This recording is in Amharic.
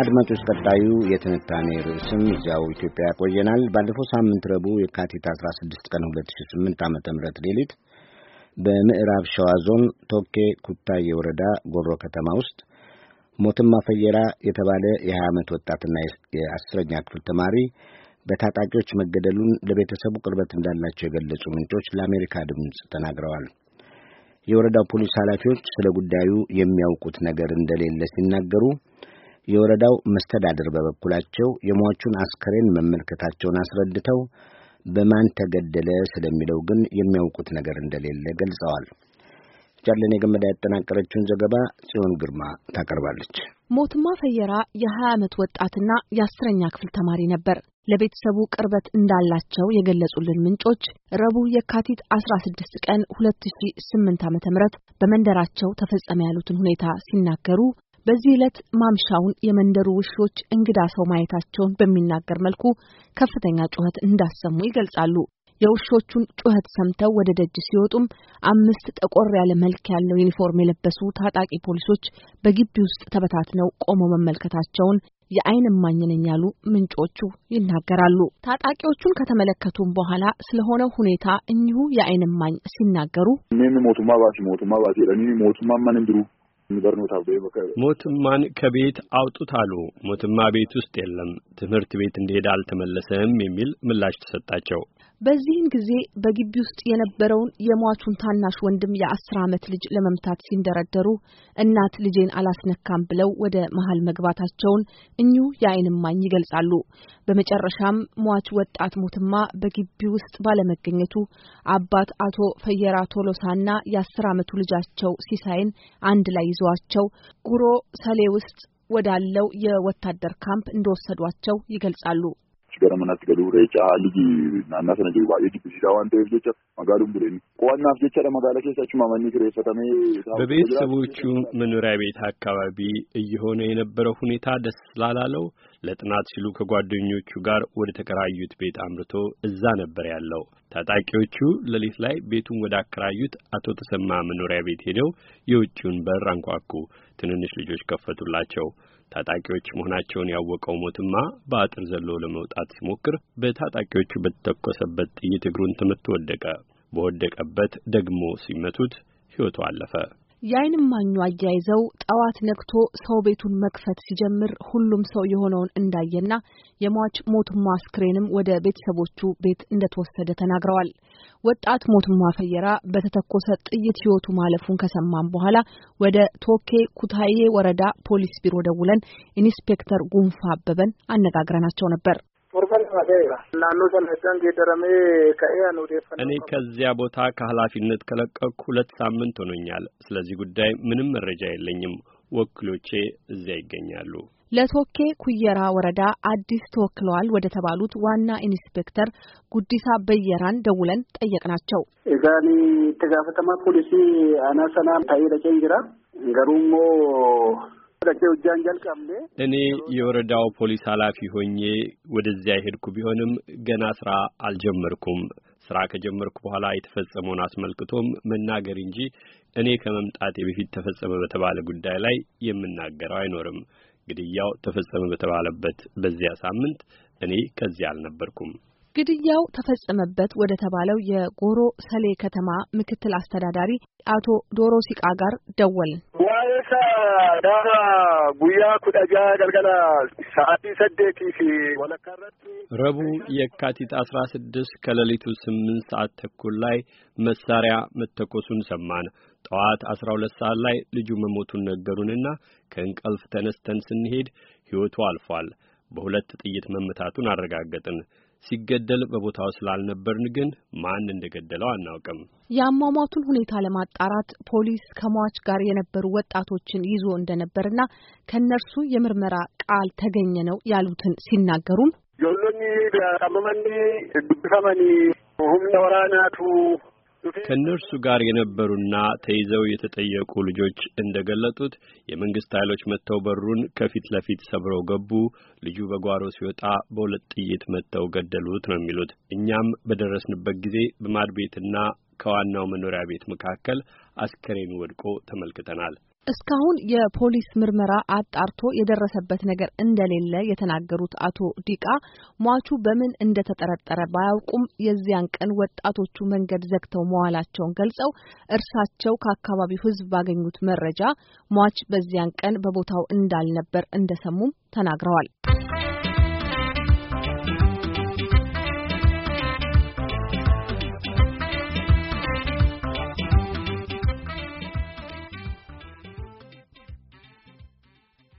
አድማጮች ቀጣዩ የትንታኔ ርዕስም እዚያው ኢትዮጵያ ያቆየናል። ባለፈው ሳምንት ረቡዕ የካቲት 16 ቀን 2008 ዓ ም ሌሊት በምዕራብ ሸዋ ዞን ቶኬ ኩታዬ ወረዳ ጎሮ ከተማ ውስጥ ሞትማ ማፈየራ የተባለ የ20 ዓመት ወጣትና የአስረኛ ክፍል ተማሪ በታጣቂዎች መገደሉን ለቤተሰቡ ቅርበት እንዳላቸው የገለጹ ምንጮች ለአሜሪካ ድምፅ ተናግረዋል። የወረዳው ፖሊስ ኃላፊዎች ስለ ጉዳዩ የሚያውቁት ነገር እንደሌለ ሲናገሩ የወረዳው መስተዳድር በበኩላቸው የሟቹን አስከሬን መመልከታቸውን አስረድተው በማን ተገደለ ስለሚለው ግን የሚያውቁት ነገር እንደሌለ ገልጸዋል። ጃለን የገመዳ ያጠናቀረችውን ዘገባ ጽዮን ግርማ ታቀርባለች። ሞትማ ፈየራ የ20 ዓመት ወጣትና የአስረኛ ክፍል ተማሪ ነበር። ለቤተሰቡ ቅርበት እንዳላቸው የገለጹልን ምንጮች ረቡዕ የካቲት 16 ቀን 2008 ዓ.ም በመንደራቸው ተፈጸመ ያሉትን ሁኔታ ሲናገሩ በዚህ ዕለት ማምሻውን የመንደሩ ውሾች እንግዳ ሰው ማየታቸውን በሚናገር መልኩ ከፍተኛ ጩኸት እንዳሰሙ ይገልጻሉ። የውሾቹን ጩኸት ሰምተው ወደ ደጅ ሲወጡም አምስት ጠቆር ያለ መልክ ያለው ዩኒፎርም የለበሱ ታጣቂ ፖሊሶች በግቢ ውስጥ ተበታትነው ቆመው መመልከታቸውን የዓይን እማኝ ነኝ ያሉ ምንጮቹ ይናገራሉ። ታጣቂዎቹን ከተመለከቱም በኋላ ስለሆነው ሁኔታ እኚሁ የዓይን እማኝ ሲናገሩ ሞቱማ ባሲ ሞቱማ ባሲ ሞቱማ ማን እንድሩ ሞትማን ከቤት አውጡት አሉ ሞትማ ቤት ውስጥ የለም፣ ትምህርት ቤት እንደሄደ አልተመለሰም የሚል ምላሽ ተሰጣቸው። በዚህን ጊዜ በግቢ ውስጥ የነበረውን የሟቹን ታናሽ ወንድም የአስር ዓመት ልጅ ለመምታት ሲንደረደሩ እናት ልጄን አላስነካም ብለው ወደ መሀል መግባታቸውን እኚሁ የዓይን እማኝ ይገልጻሉ። በመጨረሻም ሟች ወጣት ሞትማ በግቢ ውስጥ ባለመገኘቱ አባት አቶ ፈየራ ቶሎሳና የአስር ዓመቱ ልጃቸው ሲሳይን አንድ ላይ ይዘዋቸው ጉሮ ሰሌ ውስጥ ወዳለው የወታደር ካምፕ እንደወሰዷቸው ይገልጻሉ። gara manaatti gadi reechaa liigii naannaa sana jiru baay'ee jibbisiisaa waan ta'eef jecha magaaluun buleeni qo'annaaf jechaadha magaala keessa achuma manni kireeffatamee በቤተሰቦቹ መኖሪያ ቤት አካባቢ እየሆነ የነበረው ሁኔታ ደስ ስላላለው ለጥናት ሲሉ ከጓደኞቹ ጋር ወደ ተከራዩት ቤት አምርቶ እዛ ነበር ያለው። ታጣቂዎቹ ሌሊት ላይ ቤቱን ወደ አከራዩት አቶ ተሰማ መኖሪያ ቤት ሄደው የውጭውን በር አንኳኩ። ትንንሽ ልጆች ከፈቱላቸው። ታጣቂዎች መሆናቸውን ያወቀው ሞትማ በአጥር ዘሎ ለመውጣት ሲሞክር በታጣቂዎቹ በተተኮሰበት ጥይት እግሩን ተመትቶ ወደቀ። በወደቀበት ደግሞ ሲመቱት ሕይወቱ አለፈ። የዓይን እማኙ አያይዘው ጠዋት ነግቶ ሰው ቤቱን መክፈት ሲጀምር ሁሉም ሰው የሆነውን እንዳየና የሟች ሞቱማ አስክሬንም ወደ ቤተሰቦቹ ቤት እንደተወሰደ ተናግረዋል። ወጣት ሞቱማ ፈየራ በተተኮሰ ጥይት ሕይወቱ ማለፉን ከሰማም በኋላ ወደ ቶኬ ኩታዬ ወረዳ ፖሊስ ቢሮ ደውለን ኢንስፔክተር ጉንፋ አበበን አነጋግረናቸው ነበር። እኔ ከዚያ ቦታ ከኃላፊነት ከለቀቅኩ ሁለት ሳምንት ሆኖኛል። ስለዚህ ጉዳይ ምንም መረጃ የለኝም። ወኪሎቼ እዚያ ይገኛሉ። ለቶኬ ኩየራ ወረዳ አዲስ ተወክለዋል ወደ ተባሉት ዋና ኢንስፔክተር ጉዲሳ በየራን ደውለን ጠየቅናቸው። እዛኒ ተጋፈተማ ፖሊሲ አናሰና ታዬ ለጨንጅራ ገሩሞ እኔ የወረዳው ፖሊስ ኃላፊ ሆኜ ወደዚያ አይሄድኩ ቢሆንም ገና ስራ አልጀመርኩም። ስራ ከጀመርኩ በኋላ የተፈጸመውን አስመልክቶም መናገር እንጂ እኔ ከመምጣቴ በፊት ተፈጸመ በተባለ ጉዳይ ላይ የምናገረው አይኖርም። ግድያው ተፈጸመ በተባለበት በዚያ ሳምንት እኔ ከዚያ አልነበርኩም። ግድያው ተፈጸመበት ወደ ተባለው የጎሮ ሰሌ ከተማ ምክትል አስተዳዳሪ አቶ ዶሮ ሲቃ ጋር ደወልን። keessa daara guyyaa kudha jaha galgala sa'aatii saddeetii fi walakkaa irratti ረቡዕ የካቲት አስራ ስድስት ከሌሊቱ ስምንት ሰዓት ተኩል ላይ መሳሪያ መተኮሱን ሰማን። ጠዋት አስራ ሁለት ሰዓት ላይ ልጁ መሞቱን ነገሩንና ከእንቅልፍ ተነስተን ስንሄድ ሕይወቱ አልፏል። በሁለት ጥይት መመታቱን አረጋገጥን። ሲገደል በቦታው ስላልነበርን ግን ማን እንደገደለው አናውቅም። የአሟሟቱን ሁኔታ ለማጣራት ፖሊስ ከሟች ጋር የነበሩ ወጣቶችን ይዞ እንደነበርና ከእነርሱ የምርመራ ቃል ተገኘ ነው ያሉትን ሲናገሩም ጆሎኒ ዳመመኒ ዱብሰመኒ ሁምነ ወራናቱ ከእነርሱ ጋር የነበሩና ተይዘው የተጠየቁ ልጆች እንደገለጡት የመንግስት ኃይሎች መጥተው በሩን ከፊት ለፊት ሰብረው ገቡ። ልጁ በጓሮ ሲወጣ በሁለት ጥይት መጥተው ገደሉት ነው የሚሉት። እኛም በደረስንበት ጊዜ በማድ ቤትና ከዋናው መኖሪያ ቤት መካከል አስከሬን ወድቆ ተመልክተናል። እስካሁን የፖሊስ ምርመራ አጣርቶ የደረሰበት ነገር እንደሌለ የተናገሩት አቶ ዲቃ ሟቹ በምን እንደተጠረጠረ ባያውቁም የዚያን ቀን ወጣቶቹ መንገድ ዘግተው መዋላቸውን ገልጸው እርሳቸው ከአካባቢው ሕዝብ ባገኙት መረጃ ሟች በዚያን ቀን በቦታው እንዳልነበር እንደሰሙም ተናግረዋል።